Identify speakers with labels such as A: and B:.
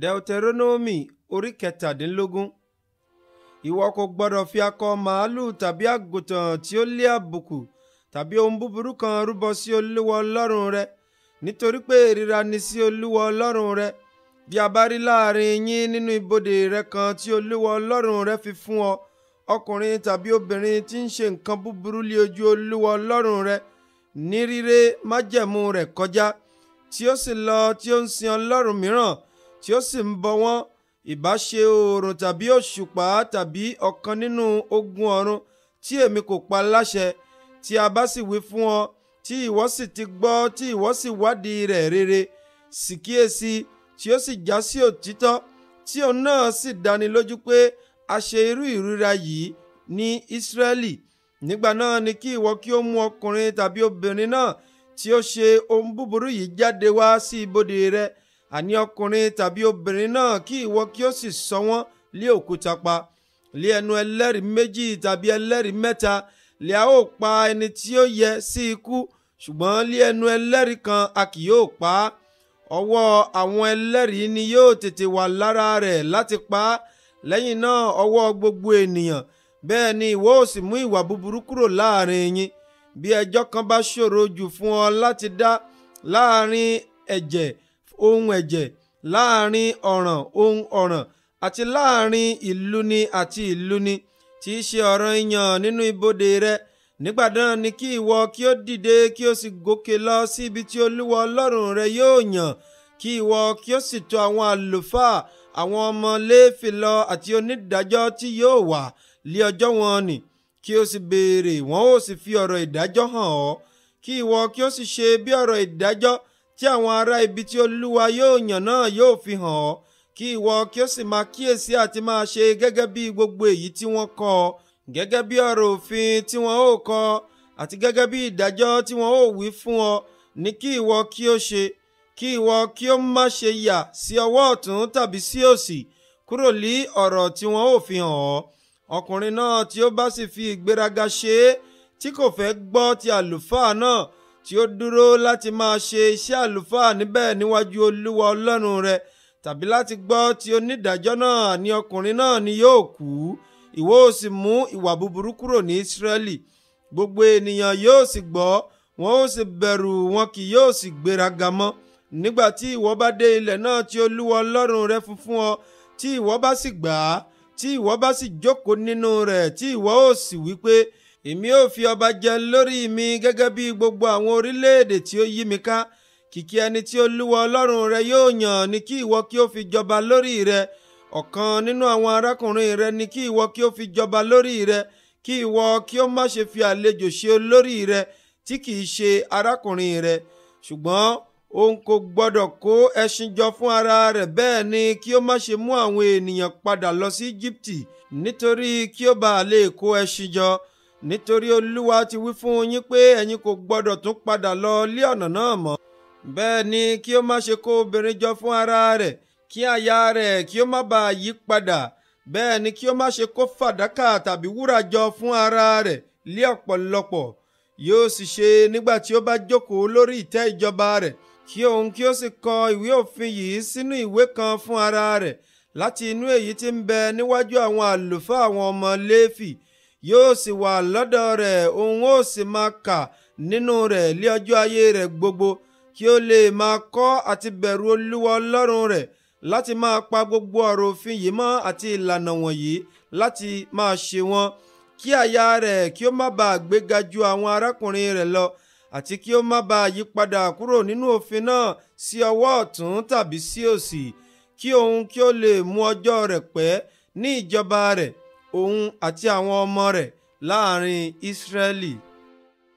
A: deuteronomy orí kẹtàdínlógún ìwọ kò gbọdọ̀ fi akọ màálùú tàbí àgùntàn tí ó lé àbùkù tàbí ohun búburú kan rúbọ sí olúwa ọlọ́run rẹ nítorí pé ìríra ni sí olúwa ọlọ́run rẹ bí a bá rí láàrin yín nínú ibodè rẹ kan tí olúwa ọlọ́run rẹ fi fún ọ ọkùnrin tàbí obìnrin tí ń ṣe nǹkan búburú lé ojú olúwa ọlọ́run rẹ ní ríré májẹ̀mú rẹ̀ kọjá tí ó sì lọ tí ó ń sin ọlọ́run mìíràn tí ó sì ń bọ wọ́n ìbá ṣe oòrùn tàbí òṣùpá tàbí ọ̀kan nínú ogun ọ̀run tí èmi kò pa láṣẹ tí a bá sì wí fún ọ tí ìwọ sì ti gbọ́ tí ìwọ sì wádìí rẹ̀ rere sì kíyèsí tí ó sì já sí òtítọ́ tí òun náà sì dáni lójú pé a ṣe irú ìrora yìí ní Ísírẹ́lì nígbà náà ni kí ìwọ kí ó mú ọkùnrin tàbí obìnrin náà tí ó ṣe ohun búburú yìí jáde wá sí ibodè rẹ̀ àní ọkùnrin tàbí obìnrin náà kí ìwọ kí ó sì sọ wọ́n lé òkúta pa lé ẹnu ẹlẹ́rìí méjì tàbí ẹlẹ́rìí mẹ́ta lè a ó pa ẹni tí ó yẹ sí ikú ṣùgbọ́n lé ẹnu ẹlẹ́rìí kan a kì yóò pa á ọwọ́ àwọn ẹlẹ́rìí ni yóò tètè wà lára rẹ̀ láti pa á lẹ́yìn náà ọwọ́ gbogbo ènìyàn bẹ́ẹ̀ ni ìwọ ò sì mú ìwà búburú kúrò láàrin yín bí ẹjọ́ kan bá ṣòro jù fún ọ láti dá láàrin ẹ̀jẹ̀ ohun ẹ̀jẹ̀ láàrin ọ̀ràn ohun ọ̀ràn àti láàrin ìlú ni àti ìlú ni tí í ṣe ọ̀ràn ìyàn nínú ibodè rẹ nígbà náà ni kí ìwọ kí ó dìde kí ó sì gòkè lọ sí ibi tí olúwa ọlọ́run rẹ yóò yàn kí ìwọ kí ó sì tọ àwọn àlùfáà àwọn ọmọ léèfì àti onídàájọ́ tí yóò wà lé ọjọ́ wọn nì kí ó sì béèrè wọn ó sì fi ọ̀rọ̀ ìdájọ́ hàn ọ́ kí ìwọ kí ó sì ṣe bí ọ̀rọ̀ ìdájọ́ tí àwọn ará ibi tí olúwa yóò yàn náà yóò fi hàn ọ́ kí ìwọ kí ó sì máa kíyèsí àti máa ṣe gẹ́gẹ́ bí gbogbo èyí tí wọ́n kọ gẹ́gẹ́ bí ọ̀rọ̀ òfin tí wọ́n ó kọ àti gẹ́gẹ́ bí ìdájọ́ tí wọ́n ó wí fún ọ ní kí ìwọ kí ó ṣe kí ìwọ kí ó má ṣe yà sí ọwọ́ ọ̀tún tàbí sí òsì kúrò lí ọ̀rọ̀ tí wọ́n ó fi hàn ọ́ ọkùnrin náà tí ó bá sì fi ìgbéraga ṣe é tí kò fẹ́ gbọ́ ti àlùfáà náà tí ó dúró láti máa ṣe iṣẹ́ àlùfáà níbẹ̀ níwájú olúwa ọlọ́run rẹ tàbí láti gbọ́ ti onídàájọ́ náà ni ọkùnrin náà ni yóò kú ìwọ ó sì mú ìwà búburú kúrò ní Ísírẹ́lì gbogbo ènìyàn yóò sì gbọ́ wọn ó sì bẹ̀rù wọn kì yóò sì gbéraga mọ́ nígbà tí ìwọ bá dé ilẹ̀ náà tí olúwa ọlọ́run rẹ fún fún ọ tí ìwọ bá sì gbà á tí ìwọ bá sì jókòó nínú rẹ̀ tí ìwọ ó sì wí pé èmi ò fi ọba jẹ lórí mi gẹ́gẹ́ bí gbogbo àwọn orílẹ̀-èdè tí ó yí mi ká kìkì ẹni tí olúwa ọlọ́run rẹ yóò yàn ni kí ìwọ kí ó fi jọba lórí rẹ ọ̀kan nínú àwọn arákùnrin rẹ ni kí ìwọ kí ó fi jọba lórí rẹ kí ìwọ kí ó má ṣe fi àlejò ṣe olórí rẹ tí kìí ṣe arákùnrin rẹ ṣùgbọ́n òun kò gbọ́dọ̀ kó ẹṣin jọ fún ara rẹ̀ bẹ́ẹ̀ ni kí ó má ṣe mú àwọn ènìyàn padà lọ sí Íjíbítì nítorí kí ó bàa lè kó ẹṣin jọ nítorí olúwa ti wí fún yín pé ẹ̀yin kò gbọ́dọ̀ tún padà lọ lé ọ̀nà náà mọ́ bẹ́ẹ̀ ni kí ó má ṣe kó obìnrin jọ fún ara rẹ̀ kí aya rẹ̀ kí ó má bàa yí padà bẹ́ẹ̀ ni kí ó má ṣe kó fàdákà tàbí wúrà jọ fún ara rẹ̀ lé ọ̀pọ̀lọpọ̀ yóò sì ṣe nígbà tí ó bá jókòó lórí ìtẹ́ ìjọba rẹ̀ kí òun kí ó sì kọ ìwé òfin yìí sínú ìwé kan fún ara rẹ̀ láti inú èyí tí ń bẹ níwájú àwọn àlùfáà àwọn ọmọ léfì yóò sì wà lọ́dọ̀ rẹ̀ òun ó sì máa kà nínú rẹ̀ lé ọjọ́ ayé rẹ̀ gbogbo kí ó lè máa kọ́ àti bẹ̀rù olúwa ọlọ́run rẹ̀ láti máa pa gbogbo ọ̀rọ̀ òfin yìí mọ́ àti ìlànà wọ̀nyí láti máa ṣe wọn kí àyà rẹ̀ kí ó má bàa gbéga ju àwọn arákùnrin rẹ̀ lọ àti kí ó má bàa yípadà kúrò nínú òfin náà sí ọwọ́ ọ̀tún tàbí sí òsì kí òun kí ó lè mú ọjọ́ rẹ̀ pẹ́ ní ìjọba rẹ̀ òun àti àwọn ọmọ rẹ̀ láàrin Ísírẹ́lì.